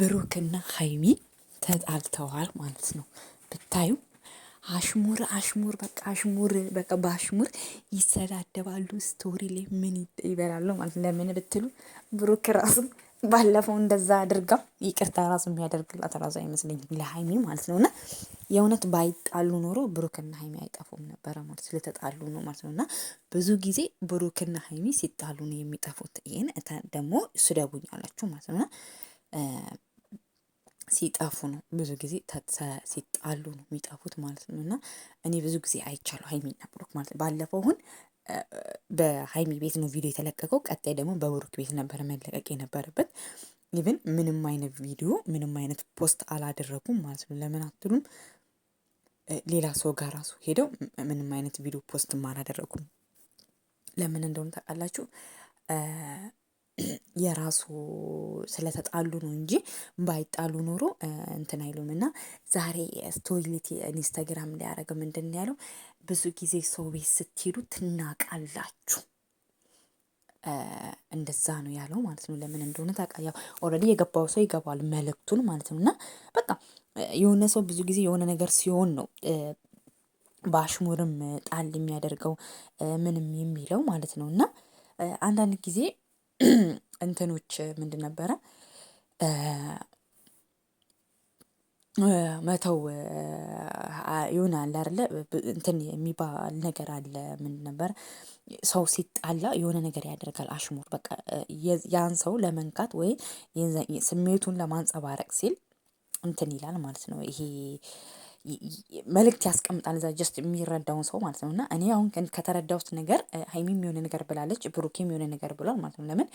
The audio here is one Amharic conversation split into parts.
ብሩክና ሀይሚ ተጣልተዋል ማለት ነው። ብታዩ አሽሙር አሽሙር በቃ አሽሙር በቃ በአሽሙር ይሰዳደባሉ። ስቶሪ ላይ ምን ይበላሉ ማለት ለምን ብትሉ ብሩክ ራሱ ባለፈው እንደዛ አድርጋ ይቅርታ ራሱ የሚያደርግላት ራሱ አይመስለኝም ለሀይሚ ማለት ነው። እና የእውነት ባይጣሉ ኖሮ ብሩክና ሀይሚ አይጠፉም ነበረ ማለት ስለተጣሉ ነው ማለት ነው። እና ብዙ ጊዜ ብሩክና ሀይሚ ሲጣሉ ነው የሚጠፉት። ይህን ደግሞ ስደቡኝ አላችሁ ማለት ነው። ሲጠፉ ነው ብዙ ጊዜ ሲጣሉ ነው የሚጠፉት ማለት ነው። እና እኔ ብዙ ጊዜ አይቻለሁ ሀይሚና ብሩክ ማለት ነው። ባለፈው አሁን በሀይሚ ቤት ነው ቪዲዮ የተለቀቀው። ቀጣይ ደግሞ በብሩክ ቤት ነበረ መለቀቅ የነበረበት። ኢቭን ምንም አይነት ቪዲዮ ምንም አይነት ፖስት አላደረጉም ማለት ነው። ለምን አትሉም? ሌላ ሰው ጋር ራሱ ሄደው ምንም አይነት ቪዲዮ ፖስትም አላደረጉም። ለምን እንደሆነ ታውቃላችሁ? የራሱ ስለተጣሉ ነው እንጂ ባይጣሉ ኖሮ እንትን አይሉም። እና ዛሬ ስቶሪሊቲ ኢንስታግራም ሊያደረገ ምንድን ነው ያለው? ብዙ ጊዜ ሰው ቤት ስትሄዱ ትናቃላችሁ። እንደዛ ነው ያለው ማለት ነው። ለምን እንደሆነ ታውቃ ያው ኦልሬዲ የገባው ሰው ይገባዋል መልእክቱን ማለት ነው። እና በቃ የሆነ ሰው ብዙ ጊዜ የሆነ ነገር ሲሆን ነው በአሽሙርም ጣል የሚያደርገው ምንም የሚለው ማለት ነው። እና አንዳንድ ጊዜ እንትኖች ምንድን ነበረ መተው ይሆን አለ አለ እንትን የሚባል ነገር አለ። ምን ነበር ሰው ሲጣላ የሆነ ነገር ያደርጋል። አሽሙር በቃ ያን ሰው ለመንካት ወይ ስሜቱን ለማንጸባረቅ ሲል እንትን ይላል ማለት ነው። ይሄ መልእክት ያስቀምጣል እዛ ጀስት የሚረዳውን ሰው ማለት ነው። እና እኔ አሁን ከተረዳሁት ነገር ሀይሚም የሆነ ነገር ብላለች፣ ብሩኬም የሆነ ነገር ብሏል ማለት ነው። ለምን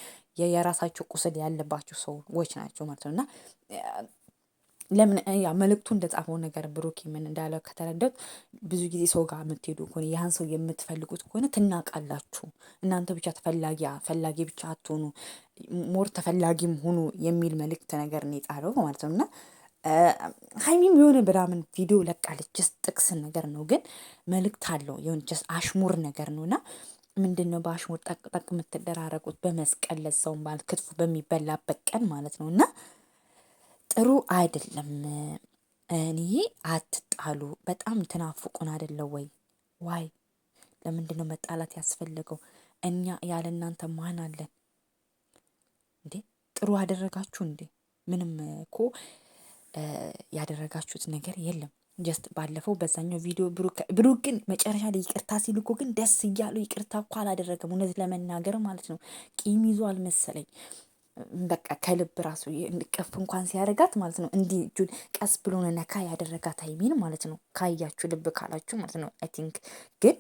የራሳቸው ቁስል ያለባቸው ሰዎች ናቸው ማለት ነው እና ለምን ያ መልእክቱ እንደጻፈው ነገር ብሩክ ምን እንዳለ ከተረዳት ብዙ ጊዜ ሰው ጋር የምትሄዱ ከሆነ ያን ሰው የምትፈልጉት ከሆነ ትናቃላችሁ። እናንተ ብቻ ተፈላጊ ፈላጊ ብቻ አትሆኑ፣ ሞር ተፈላጊም ሁኑ የሚል መልእክት ነገር ነው የጻፈው ማለት ነው እና ሀይሚም የሆነ ብራምን ቪዲዮ ለቃለች። ጀስት ጥቅስን ነገር ነው ግን መልእክት አለው። የሆነ ጀስት አሽሙር ነገር ነው እና ምንድን ነው በአሽሙር ጠቅጠቅ የምትደራረጉት? በመስቀል ለዛውን ማለት ክትፉ በሚበላበት ቀን ማለት ነው እና ጥሩ አይደለም። እኔ አትጣሉ። በጣም ትናፍቁን አይደለ ወይ? ዋይ ለምንድን ነው መጣላት ያስፈለገው? እኛ ያለ እናንተ ማን አለን እንዴ? ጥሩ አደረጋችሁ እንዴ? ምንም እኮ ያደረጋችሁት ነገር የለም። ጀስት ባለፈው በዛኛው ቪዲዮ ብሩክ ግን መጨረሻ ላይ ይቅርታ ሲል እኮ ግን ደስ እያለው ይቅርታ እኮ አላደረገም። እውነት ለመናገር ማለት ነው ቂም ይዞ አልመሰለኝ። በቃ ከልብ ራሱ እንቀፍ እንኳን ሲያደርጋት ማለት ነው እንዲህ እጁን ቀስ ብሎን ነካ ያደረጋት አይሚን ማለት ነው። ካያችሁ ልብ ካላችሁ ማለት ነው አይ ቲንክ ግን